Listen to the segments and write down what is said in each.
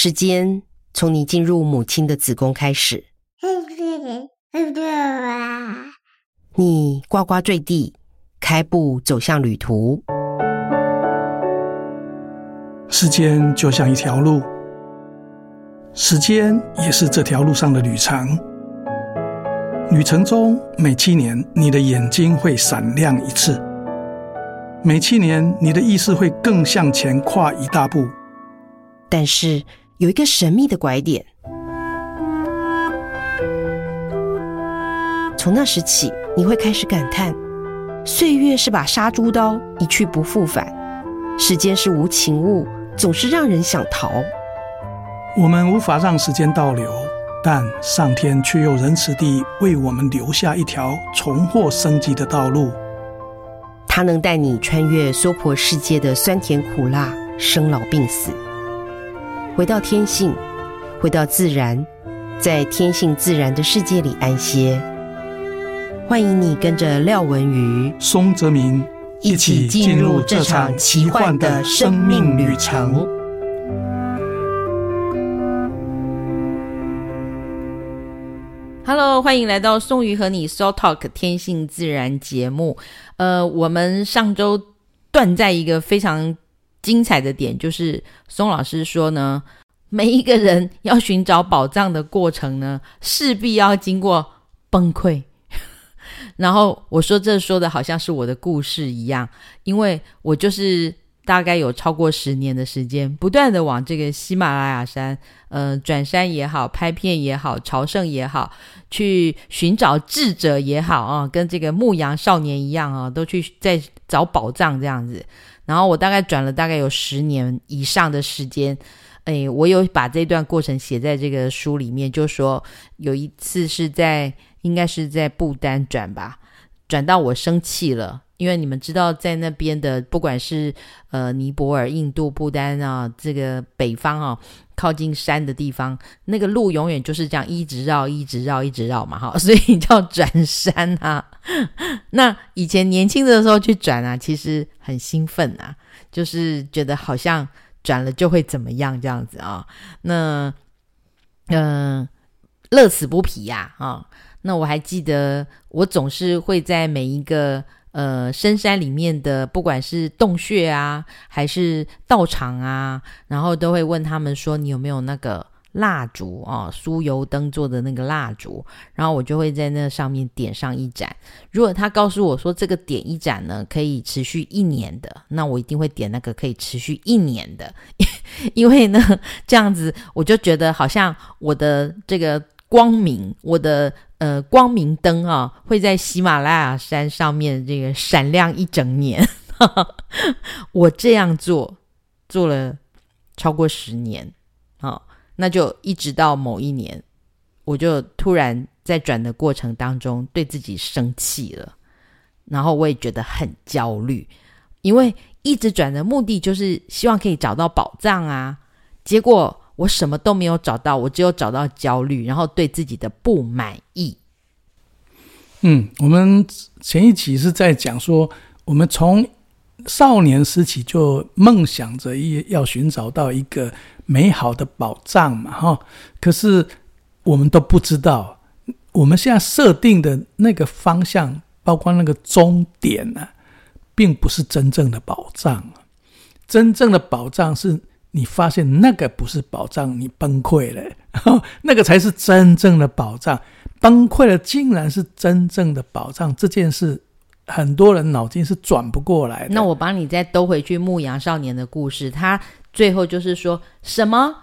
時間從你進入母親的子宮開始，你呱呱墜地，開步走向旅途。時間就像一條路，時間也是這條路上的旅程。旅程中每七年，你的眼睛會閃亮一次；每七年，你的意識會更向前跨一大步。但是。有一個神秘的拐點，從那時起，你會開始感嘆：歲月是把殺豬刀，一去不復返；時間是無情物，總是讓人想逃。我們無法讓時間倒流，但上天卻又仁慈地為我們留下一條重獲生機的道路。它能帶你穿越娑婆世界的酸甜苦辣、生老病死。回到天性，回到自然，在天性自然的世界裡安歇。歡迎你跟着廖文瑜、松擇明一起進入這場奇幻的生命旅程。Hello，歡迎來到松瑜和你 Soul Talk 天性自然節目。呃，我們上週斷在一個非常。精彩的點就是松老師說呢，每一個人要尋找寶藏的過程呢，勢必要經過崩潰。 然後我說這說的好像是我的故事一樣，因為我就是大概有超過十年的時間，不斷的往這個喜馬拉雅山，嗯、呃，轉山也好，拍片也好，朝聖也好，去尋找智者也好啊、哦，跟這個牧羊少年一樣啊、哦，都去在找寶藏這樣子。然後我大概轉了大概有十年以上的時間，哎，我有把這段過程寫在這個書裡面，就說有一次是在，應該是在不丹轉吧，轉到我生氣了。因為你們知道，在那邊的不管是呃尼泊爾、印度、不丹啊、哦，這個北方啊、哦，靠近山的地方，那個路永遠就是這樣一直繞、一直繞、一直繞嘛，哈、哦，所以叫轉山啊。 那以前年輕的時候去轉啊，其實很興奮啊，就是覺得好像轉了就會怎麼樣這樣子啊、哦，那嗯、呃、樂此不疲呀、啊，啊、哦，那我還記得我總是會在每一個。呃，深山裡面的不管是洞穴啊，還是道場啊，然後都會問他們說，你有沒有那個蠟燭啊，酥油燈做的那個蠟燭，然後我就會在那上面點上一盞。如果他告訴我說這個點一盞呢，可以持續一年的，那我一定會點那個可以持續一年的，因為呢，這樣子我就覺得好像我的這個光明，我的。呃，光明燈啊、哦，會在喜馬拉雅山上面這個閃亮一整年。 我這樣做做了超過十年啊、哦，那就一直到某一年，我就突然在轉的過程當中對自己生氣了，然後我也覺得很焦慮，因為一直轉的目的就是希望可以找到寶藏啊，結果。我什麼都沒有找到，我只有找到焦慮，然後對自己的不滿意。嗯，我們前一集是在講說，我們從少年時期就夢想着要尋找到一個美好的寶藏嘛，哈、哦。可是我們都不知道，我們現在設定的那個方向，包括那個終點呢、啊，並不是真正的寶藏。真正的寶藏是。你發現那個不是寶藏，你崩潰了，然後那個才是真正的寶藏。崩潰了，竟然是真正的寶藏，這件事，很多人腦筋是轉不過來的。那我幫你再兜回去，牧羊少年的故事，他最後就是說什麼？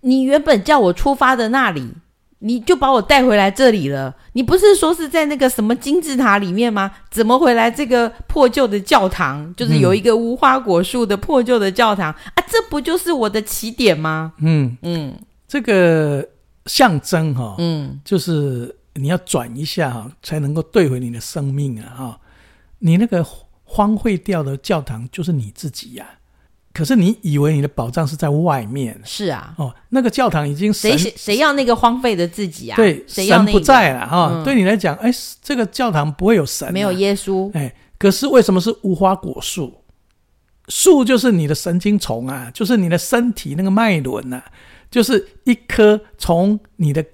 你原本叫我出發的那裡。你就把我帶回來這裡了，你不是說是在那個什麼金字塔裡面嗎？怎麼回來這個破舊的教堂？就是有一個無花果樹的破舊的教堂、嗯、啊，這不就是我的起點嗎？嗯嗯，這個象徵哈、喔，嗯，就是你要轉一下、喔、才能夠對回你的生命啊、喔，哈，你那個荒廢掉的教堂就是你自己呀、啊。可是你以為你的寶藏是在外面？是啊，哦，那個教堂已經誰誰要那個荒廢的自己啊？對，誰要那個、神不在了哈、嗯哦。對你來講，哎，這個教堂不會有神，沒有耶穌。哎，可是為什麼是無花果樹？樹就是你的神經叢啊，就是你的身體那個脈輪吶、啊，就是一棵從你的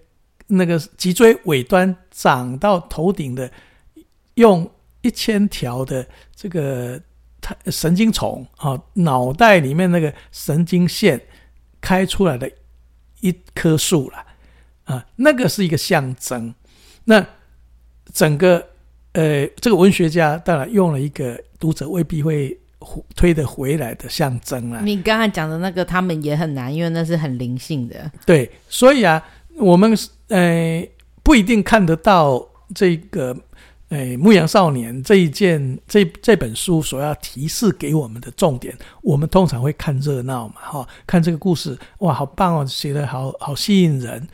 那個脊椎尾端長到頭頂的，用一千條的這個。神經叢啊、哦，腦袋裡面那個神經線開出來的一棵樹了啊，那個是一個象徵。那整個呃，這個文學家當然用了一個讀者未必會推得回來的象徵了。你剛剛講的那個，他們也很難，因為那是很靈性的。對，所以啊，我們呃不一定看得到這個。哎，《牧羊少年》這一件這這本書所要提示給我們的重點，我們通常會看熱鬧嘛，哈、哦，看這個故事，哇，好棒哦，寫得好好吸引人。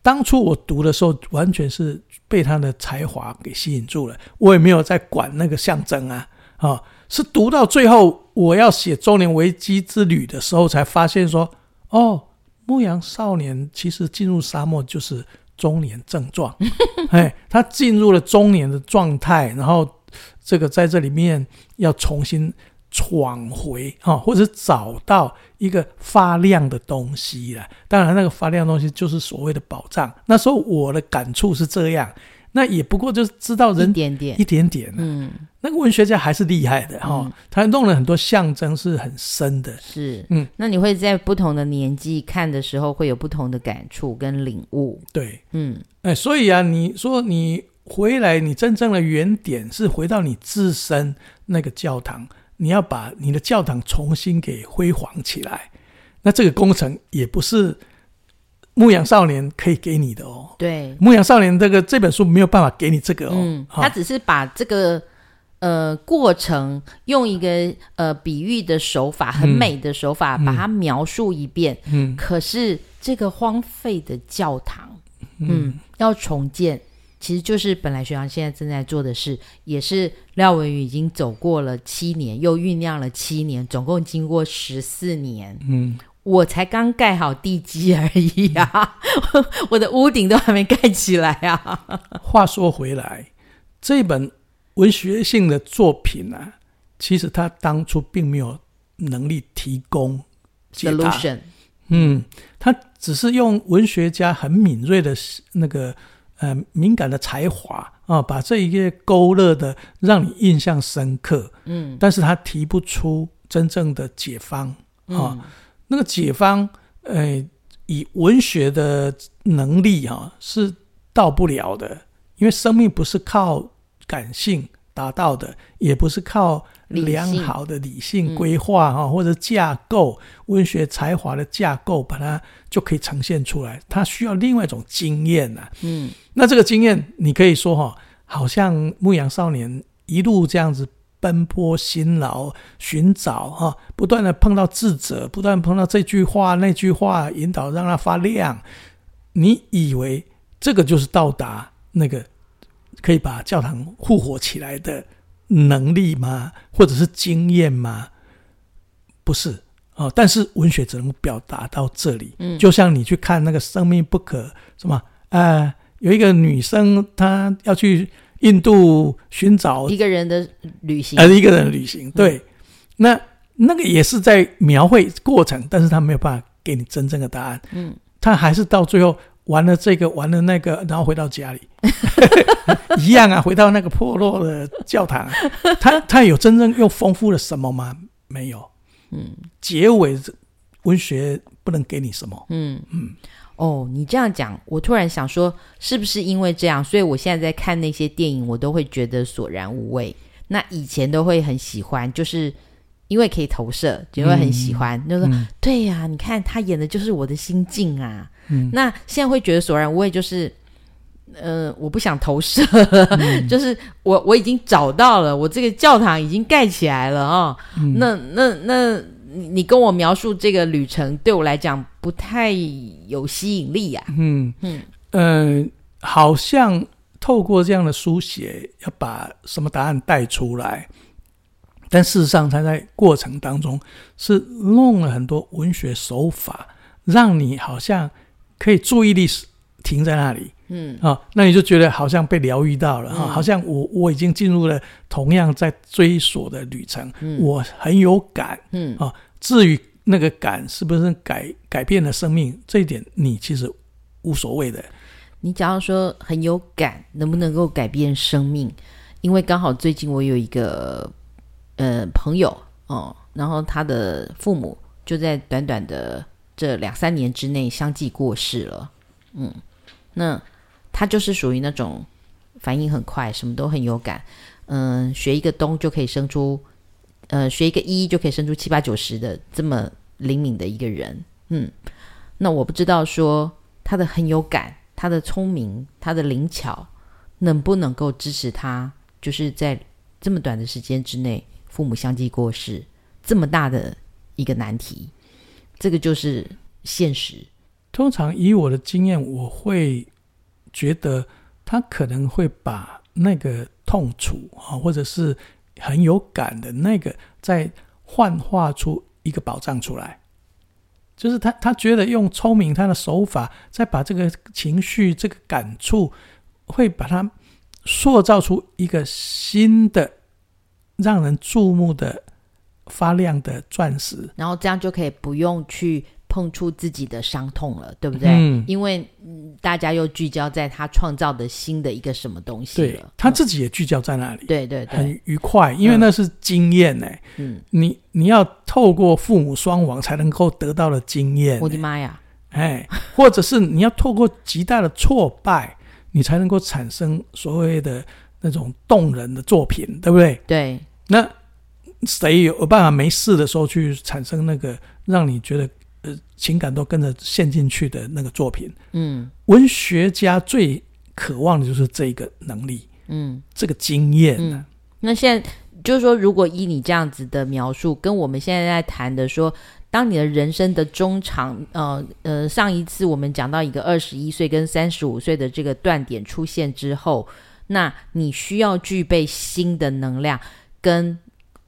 當初我讀的時候，完全是被他的才華給吸引住了，我也沒有再管那個象徵啊，啊、哦，是讀到最後，我要寫中年危機之旅的時候，才發現說，哦，《牧羊少年》其實進入沙漠就是。中年症狀，哎，他進入了中年的狀態，然後這個在這裡面要重新闖回啊、哦，或者找到一個發亮的東西了。當然，那個發亮的東西就是所謂的寶藏。那時候我的感觸是這樣。那也不過就是知道人一點點，一點點啊、嗯。那個文學家還是厲害的、嗯、他弄了很多象徵，是很深的。是、嗯，那你會在不同的年紀看的時候，會有不同的感觸跟領悟。對，嗯、欸，所以啊，你說你回來，你真正的原點是回到你自身那個教堂，你要把你的教堂重新給輝煌起來。那這個工程也不是。牧羊少年可以給你的哦，對，牧羊少年這個這本書沒有辦法給你這個哦，嗯、他只是把這個呃過程用一個呃比喻的手法，很美的手法、嗯、把它描述一遍。嗯，可是這個荒廢的教堂，嗯，嗯要重建，其實就是本來學長現在正在做的事，也是廖文瑜已經走過了七年，又醞釀了七年，總共經過十四年。嗯。我才剛蓋好地基而已呀、啊，我的屋頂都還沒蓋起來呀、啊。話說回來，這本文學性的作品呢、啊，其實他當初並沒有能力提供解答 solution。嗯，他只是用文學家很敏銳的那個呃敏感的才華啊、哦，把這一個勾勒得讓你印象深刻。嗯，但是他提不出真正的解方啊。哦嗯那個解方，哎、呃，以文學的能力哈、哦，是到不了的，因為生命不是靠感性達到的，也不是靠良好的理性規劃哈或者架構，文學才華的架構把它就可以呈現出來，它需要另外一種經驗啊。嗯，那這個經驗，你可以說哈、哦，好像牧羊少年一路這樣子。奔波辛勞，尋找、哦、不斷的，碰到智者，不斷碰到這句話那句話引導，讓他發亮。你以為這個就是到達那個可以把教堂復活起來的能力嗎？或者是經驗嗎？不是、哦、但是文學只能表達到這裡、嗯，就像你去看那個《生命不可》什麼、呃、有一個女生她要去。印度尋找一個人的旅行，呃、一個人旅行，對，嗯、那那個也是在描繪過程，但是他沒有辦法給你真正的答案，嗯，他還是到最後玩了這個，玩了那個，然後回到家裡， 一樣啊，回到那個破落的教堂， 他他有真正又豐富了什麼嗎？沒有，嗯，結尾文學不能給你什麼，嗯嗯。哦，你這樣講，我突然想說，是不是因為這樣，所以我現在在看那些電影，我都會覺得索然無味。那以前都會很喜歡，就是因為可以投射，就會很喜歡。嗯、就說、嗯、對呀、啊，你看他演的就是我的心境啊。嗯、那現在會覺得索然無味，就是，呃，我不想投射， 就是我我已經找到了，我這個教堂已經蓋起來了啊、哦嗯。那那那。那你你跟我描述這個旅程，對我來講不太有吸引力呀、啊。嗯嗯嗯、呃，好像透過這樣的書寫，要把什麼答案帶出來，但事實上，他在過程當中是弄了很多文學手法，讓你好像可以注意力停在那裡。嗯啊、哦，那你就覺得好像被療癒到了哈、嗯哦，好像我我已經進入了同樣在追索的旅程，嗯、我很有感。嗯啊、哦，至於那個感是不是改改變了生命，這一點你其實無所謂的。你假如說很有感，能不能夠改變生命？因為剛好最近我有一個呃朋友哦，然後他的父母就在短短的這兩三年之內相繼過世了。嗯，那。他就是屬於那種反應很快，什麼都很有感。嗯，學一個東就可以生出，呃、嗯，學一個一、e、就可以生出七八九十的這麼靈敏的一個人。嗯，那我不知道說他的很有感，他的聰明，他的靈巧，能不能夠支持他，就是在這麼短的時間之內，父母相繼過世，這麼大的一個難題。這個就是現實。通常以我的經驗，我會。覺得他可能會把那個痛楚啊，或者是很有感的那個，再幻化出一個寶藏出來，就是他他覺得用聰明他的手法，再把這個情緒這個感觸會把它塑造出一個新的讓人注目的發亮的鑽石，然後這樣就可以不用去碰觸自己的傷痛了，對不對？嗯，因為。大家又聚焦在他創造的新的一個什麼東西了？對，他自己也聚焦在那裡。嗯、對，對對，很愉快，因為那是經驗呢、欸。嗯，你你要透過父母雙亡才能夠得到的經驗、欸。我的媽呀！哎，或者是你要透過極大的挫敗， 你才能夠產生所謂的那種動人的作品，對不對？對。那誰有辦法沒事的時候去產生那個讓你覺得？呃，情感都跟着陷進去的那個作品，嗯，文學家最渴望的就是這一個能力，嗯，這個經驗，嗯，那現在就是說，如果以你這樣子的描述，跟我們現在在談的說，當你的人生的中場，呃呃，上一次我們講到一個二十一歲跟三十五歲的這個斷點出現之後，那你需要具備新的能量跟。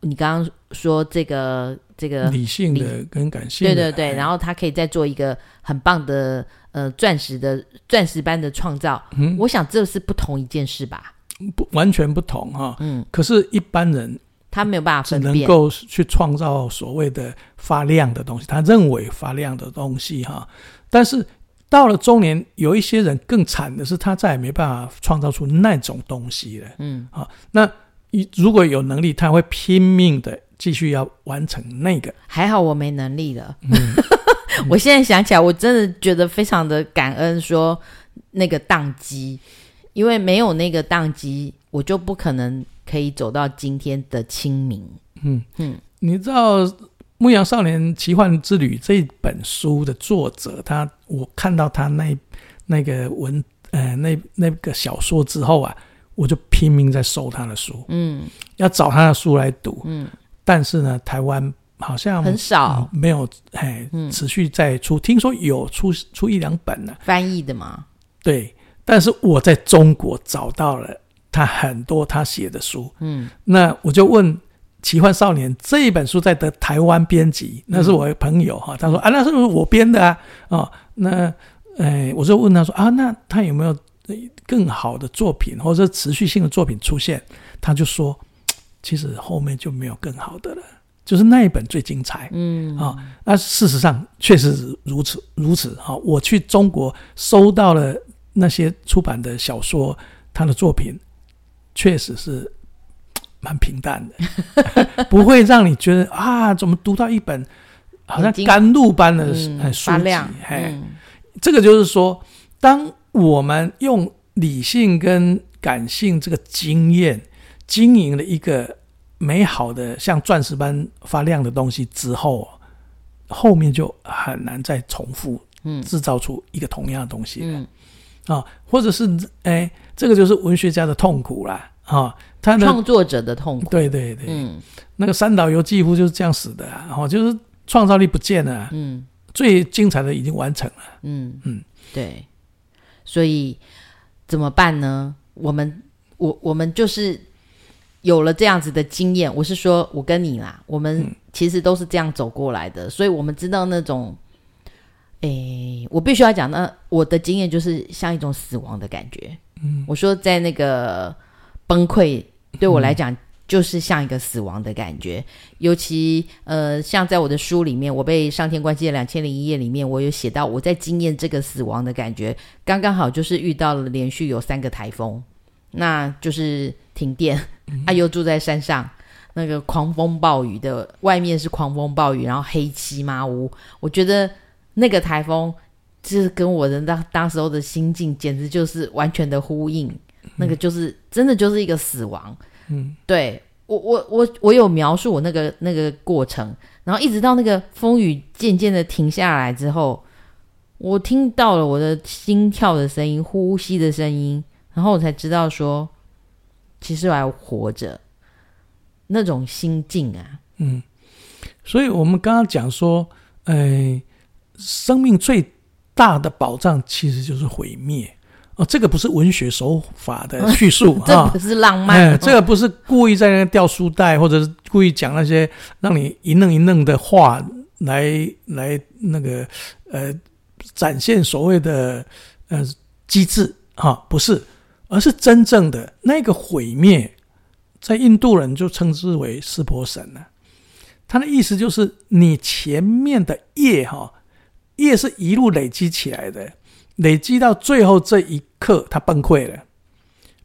你剛剛說這個這個理，理性的跟感性的，對對對，然後他可以再做一個很棒的呃鑽石的鑽石般的創造，嗯，我想這是不同一件事吧，不完全不同哈、啊，嗯，可是一般人他沒有辦法，只能夠去創造所謂的發亮的東西，他認為發亮的東西哈、啊，但是到了中年，有一些人更慘的是，他再也沒辦法創造出那種東西了，嗯，啊那。如果有能力，他會拼命地繼續要完成那個。還好我沒能力了。嗯、 我現在想起來，嗯，我真的覺得非常的感恩，說那個當機，因為沒有那個當機，我就不可能可以走到今天的清明。嗯嗯，你知道《牧羊少年奇幻之旅》這本書的作者，他我看到他那那個文呃那那個小說之後啊。我就拼命在搜他的書，嗯，要找他的書來讀，嗯，但是呢，台灣好像很少，嗯、沒有哎、嗯，持續在出，聽說有出出一兩本呢、啊，翻譯的嗎？對，但是我在中國找到了他很多他寫的書，嗯，那我就問奇幻少年這一本書在的台灣編輯，那是我朋友哈，他說啊，那是不是我編的啊，哦，那哎、欸，我就問他說啊，那他有沒有更好的作品或者是持續性的作品出現，他就說，其實後面就沒有更好的了，就是那一本最精彩。嗯啊、哦，那事實上確實如此如此啊、哦！我去中國收到了那些出版的小說，他的作品確實是蠻平淡的， 不會讓你覺得啊，怎麼讀到一本好像甘露般的很書籍。嗯、嘿、嗯，這個就是說當。我們用理性跟感性這個經驗經營了一個美好的像鑽石般發亮的東西之後，後面就很難再重複，製造出一個同樣的東西了，了、嗯、啊、哦，或者是哎、欸，這個就是文學家的痛苦了，啊、哦，他的創作者的痛苦，對對對，嗯，那個三島由紀夫就是這樣死的，然、哦、後就是創造力不見了、啊，嗯，最精彩的已經完成了，嗯嗯，對。所以怎麼辦呢？我們我我們就是有了這樣子的經驗。我是說，我跟你啦，我們其實都是這樣走過來的，嗯、所以我們知道那種。誒、欸，我必須要講，那我的經驗就是像一種死亡的感覺。嗯，我說在那個崩潰，對我來講。嗯就是像一個死亡的感覺，尤其呃，像在我的書裡面，我被上天關機的兩千零一夜裡面，我有寫到我在經驗這個死亡的感覺，剛剛好就是遇到了連續有三個台風，那就是停電，他、啊、又住在山上，那個狂風暴雨的，外面是狂風暴雨，然後黑漆麻烏，我覺得那個台風，就是跟我的當當時候的心境簡直就是完全的呼應，那個就是真的就是一個死亡。嗯，對我，我，我，我有描述我那個那個過程，然後一直到那個風雨漸漸的停下來之後，我聽到了我的心跳的聲音，呼吸的聲音，然後我才知道說，其實我還活着。那種心境啊，嗯，所以我們剛剛講說，哎、呃，生命最大的保障其實就是毀滅。哦、這個不是文學手法的敘述，嗯哦、這不是浪漫、嗯，這個不是故意在那掉書袋、哦，或者是故意講那些讓你一愣一愣的話來來那個呃展現所謂的呃機智哈、哦，不是，而是真正的那個毀滅，在印度人就稱之為濕婆神呢、啊，他的意思就是你前面的業哈業是一路累積起來的。累積到最後這一刻，它崩潰了。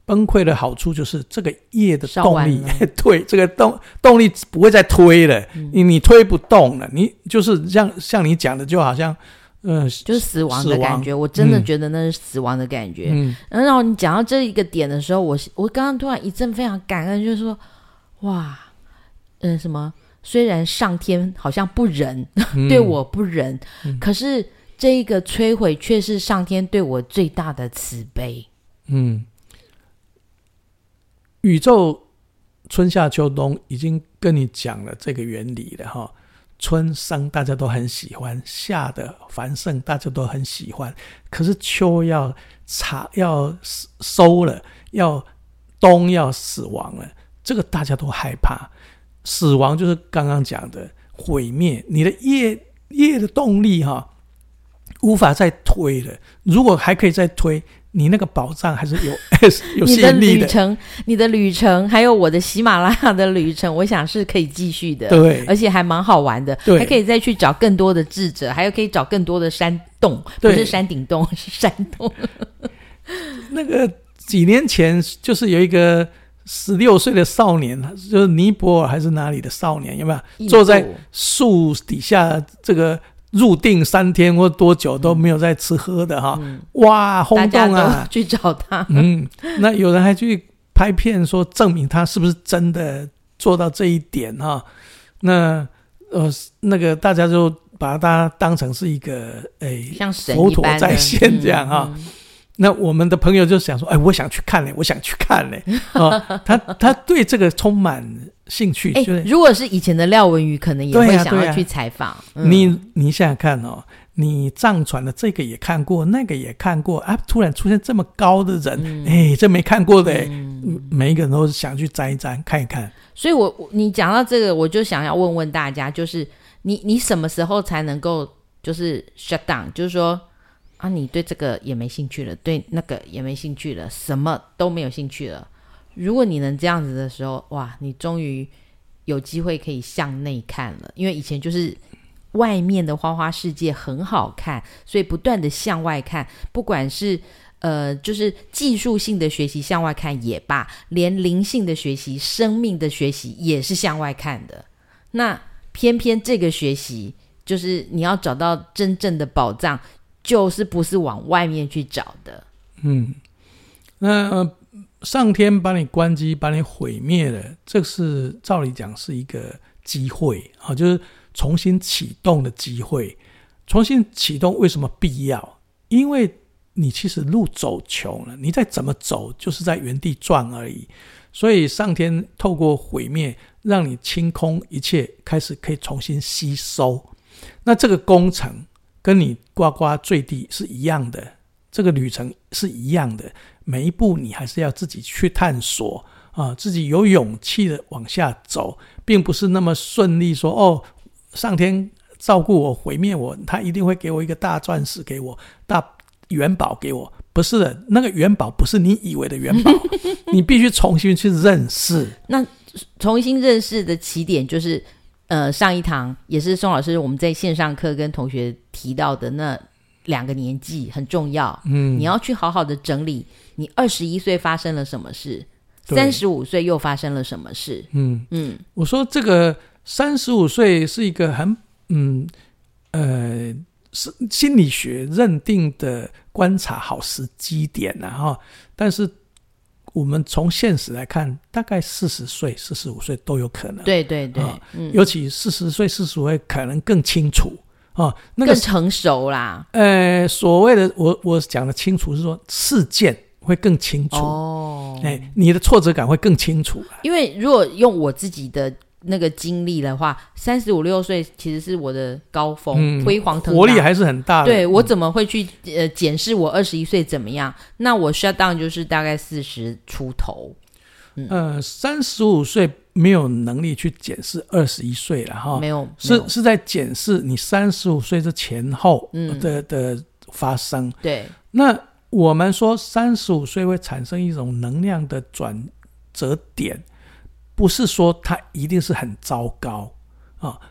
崩潰的好處就是這個業的動力， 對這個動動力不會再推了。嗯、你你推不動了，你就是像像你講的，就好像，嗯、呃、就是死亡的感覺。我真的覺得那是死亡的感覺。嗯、然後然後你講到這一個點的時候，我我剛剛突然一陣非常感恩，就是說，哇，呃、嗯，什麼？雖然上天好像不仁，嗯、 對我不仁、嗯，可是。嗯這個摧毀卻是上天對我最大的慈悲。嗯，宇宙春夏秋冬已經跟你講了這個原理了哈。春生大家都很喜歡，夏的繁盛大家都很喜歡，可是秋要查、要收了，要冬要死亡了，這個大家都害怕。死亡就是剛剛講的毀滅，你的業業的動力哈。無法再推了。如果還可以再推，你那個寶藏還是有 s 旅 有限力的。你的旅程，你的旅程，還有我的喜馬拉雅的旅程，我想是可以繼續的。對，而且還蠻好玩的。對，還可以再去找更多的智者，還有可以找更多的山洞，對，不是山頂洞，是山洞。 那個幾年前，就是有一個十六歲的少年，就是尼泊爾還是哪裡的少年，有沒有坐在樹底下這個？入定三天或多久都沒有再吃喝的，哈、嗯，哇，嗯、轟動啊！去找他，嗯，那有人還去拍片說證明他是不是真的做到這一點哈， 那呃那個大家就把他當成是一個哎、欸，像神一般在線這樣哈。嗯嗯那我們的朋友就想說，哎、欸，我想去看嘞，我想去看嘞啊、 哦！他他對這個充滿興趣、 欸就是，如果是以前的廖文瑜，可能也會想要去採訪、啊啊、你、嗯。你想想看哦，你藏傳的這個也看過，那個也看過，啊突然出現這麼高的人，哎、嗯欸，這沒看過的、嗯，每一個人都是想去沾一沾，看一看。所以我，我你講到這個，我就想要問問大家，就是你你什麼時候才能夠就是 shut down，就是說。啊，你對這個也沒興趣了，對那個也沒興趣了，什麼都沒有興趣了。如果你能這樣子的時候，哇，你終於有機會可以向內看了。因為以前就是外面的花花世界很好看，所以不斷的向外看，不管是呃，就是技術性的學習向外看也罷，連靈性的學習、生命的學習也是向外看的。那偏偏這個學習，就是你要找到真正的寶藏。就是不是往外面去找的，嗯，那上天把你關機，把你毀滅了，這是照理講是一個機會啊、哦，就是重新啟動的機會。重新啟動為什麼必要？因為你其實路走窮了，你再怎麼走就是在原地轉而已。所以上天透過毀滅，讓你清空一切，開始可以重新吸收。那這個工程跟你呱呱墜地是一樣的，這個旅程是一樣的，每一步你還是要自己去探索啊，自己有勇氣的往下走，並不是那麼順利說。說哦，上天照顧我，毀滅我，他一定會給我一個大鑽石，給我大元寶，給我，不是的，那個元寶不是你以為的元寶， 你必須重新去認識。 那重新認識的起點就是。呃，上一堂也是松老師，我們在線上課跟同學提到的那兩個年紀很重要，嗯，你要去好好的整理你二十一歲發生了什麼事，三十五歲又發生了什麼事，嗯嗯，我說這個三十五歲是一個很嗯呃是心理學認定的觀察好時機點啊。哈，但是。我們從現實來看，大概四十歲、四十五歲都有可能。對對對，啊，嗯，尤其四十歲、四十五歲可能更清楚啊，那個，更成熟啦。呃，所謂的我我講的清楚是說事件會更清楚哦，哎，呃，你的挫折感會更清楚啊。因為如果用我自己的。那個精力的話，三十五六歲其實是我的高峰，輝煌騰達，活力還是很大的。對、嗯、我怎麼會去呃檢視我二十一歲怎麼樣？那我 shut down 就是大概四十出頭。嗯、呃，三十五歲沒有能力去檢視二十一歲了哈，沒有，是是在檢視你三十五歲之前後的、嗯、的發生。對，那我們說三十五歲會產生一種能量的轉折點。不是說他一定是很糟糕啊、哦，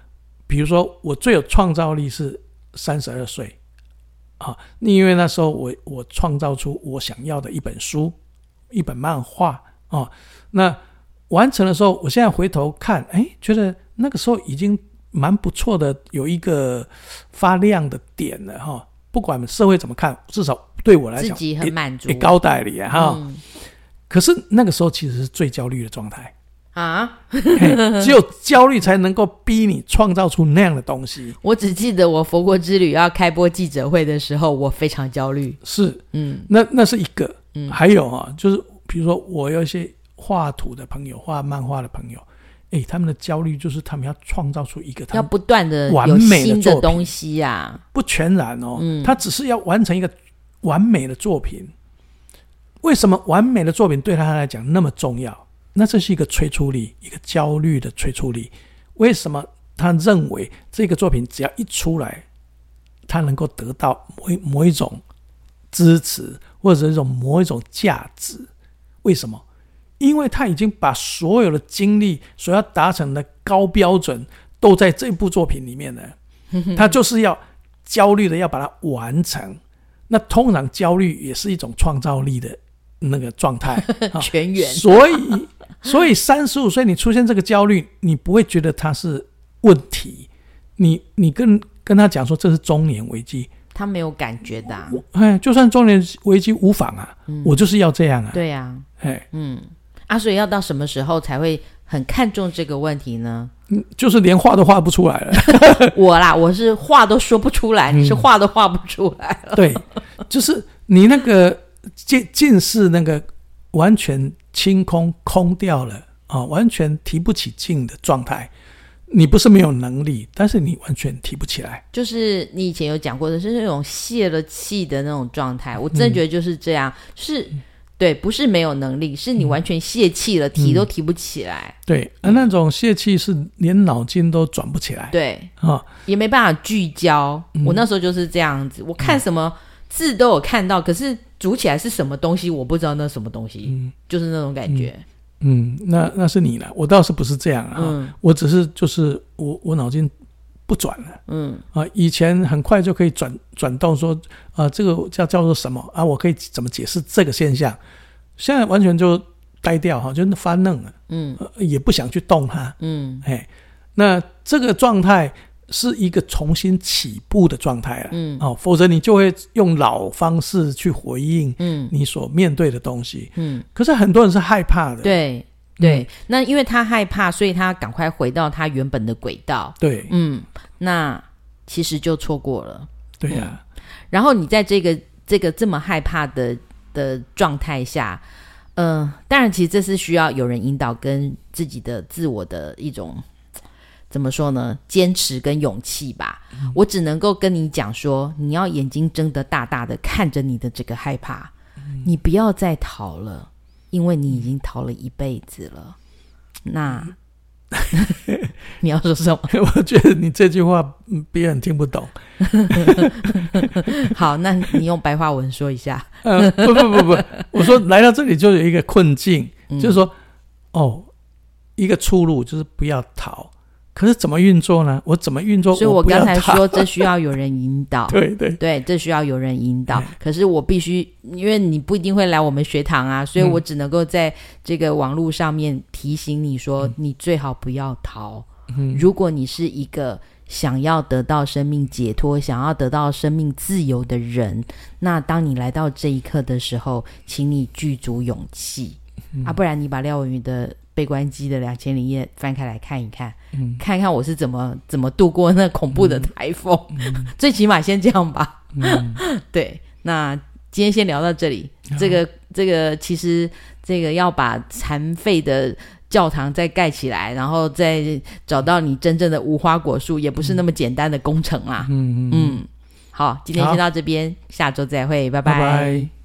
比如說我最有創造力是三十二歲，啊、哦，因為那時候我我創造出我想要的一本書、一本漫畫啊、哦，那完成的時候，我現在回頭看，哎，覺得那個時候已經蠻不錯的，有一個發亮的點了哈、哦。不管社會怎麼看，至少對我來講，自己很滿足，高代理哈、哦、嗯。可是那個時候其實是最焦慮的狀態。啊！ 只有焦慮才能夠逼你創造出那樣的東西。我只記得我佛國之旅要開播記者會的時候，我非常焦慮。是，嗯，那那是一個，嗯，還有啊，就是比如說，我有一些畫圖的朋友，畫漫畫的朋友，哎、欸，他們的焦慮就是他們要創造出一個他們要不斷的完美的東西呀、啊。不全然哦、嗯，他只是要完成一個完美的作品。為什麼完美的作品對他來講那麼重要？那這是一個催促力，一個焦慮的催促力。為什麼他認為這個作品只要一出來，他能夠得到某一某一種支持或者一種某一種價值？為什麼？因為他已經把所有的精力所要達成的高標準都在這部作品裡面了。 他就是要焦慮的要把它完成。那通常焦慮也是一種創造力的那個狀態。 全員。所以。 所以三十五歲你出現這個焦慮、啊，你不會覺得他是問題。你你跟跟他講說這是中年危機，他沒有感覺的、啊。哎，就算中年危機無妨啊、嗯，我就是要這樣啊。對啊，哎，嗯，啊，所以要到什麼時候才會很看重這個問題呢？就是連話都畫不出來了。 我啦，我是話都說不出來，嗯、你是畫都畫不出來了。對，就是你那個近近視那個完全。清空空掉了啊、哦，完全提不起勁的狀態。你不是沒有能力，但是你完全提不起來。就是你以前有講過的是那種洩了氣的那種狀態。我真的覺得就是這樣、嗯，是，對，不是沒有能力，是你完全洩氣了、嗯，提都提不起來。對，而那種洩氣是連腦筋都轉不起來。對、哦、也沒辦法聚焦。我那時候就是這樣子，嗯、我看什麼。嗯字都有看到，可是組起來是什麼東西，我不知道那是什麼東西、嗯，就是那種感覺。嗯，嗯，那那是你了，我倒是不是這樣啊。嗯、我只是就是我我腦筋不轉了、啊。嗯啊，以前很快就可以轉轉動說啊，這個叫叫做什麼啊？我可以怎麼解釋這個現象？現在完全就呆掉哈、啊，就那發愣了、啊。嗯、啊，也不想去動它。嗯，哎，那這個狀態。是一個重新起步的狀態了、啊，嗯，哦，否則你就會用老方式去回應，嗯，你所面對的東西，嗯，可是很多人是害怕的，對、嗯，對，那因為他害怕，所以他趕快回到他原本的軌道，對，嗯，那其實就錯過了，對呀、啊嗯，然後你在這個這個這麼害怕的的狀態下，嗯、呃，當然，其實這是需要有人引導跟自己的自我的一種。怎麼說呢？堅持跟勇氣吧。嗯。我只能夠跟你講說，你要眼睛睜得大大的，看着你的這個害怕。嗯，你不要再逃了，因為你已經逃了一輩子了。那 你要說什麼？ 我覺得你這句話別人聽不懂。 好，那你用白話文說一下。 呃。不不不不，我說來到這裡就有一個困境，嗯。就是說，哦，一個出路就是不要逃。可是怎麼運作呢？我怎麼運作？所以我剛才說，這需要有人引導。 對對對，這需要有人引導。可是我必須，因為你不一定會來我們學堂啊，所以我只能夠在這個網絡上面提醒你說，嗯、你最好不要逃、嗯。如果你是一個想要得到生命解脫、嗯、想要得到生命自由的人，那當你來到這一刻的時候，請你具足勇氣、嗯、啊，不然你把廖文瑜的。被關機的兩千零一夜，翻開來看一看，嗯、看一看我是怎麼怎麼度過那恐怖的颱風。嗯嗯、 最起碼先這樣吧。嗯、 對，那今天先聊到這裡。這個這個其實這個要把殘廢的教堂再蓋起來，然後再找到你真正的無花果樹、嗯，也不是那麼簡單的工程啦。嗯嗯嗯。好，今天先到這邊，下周再會，拜拜。拜拜。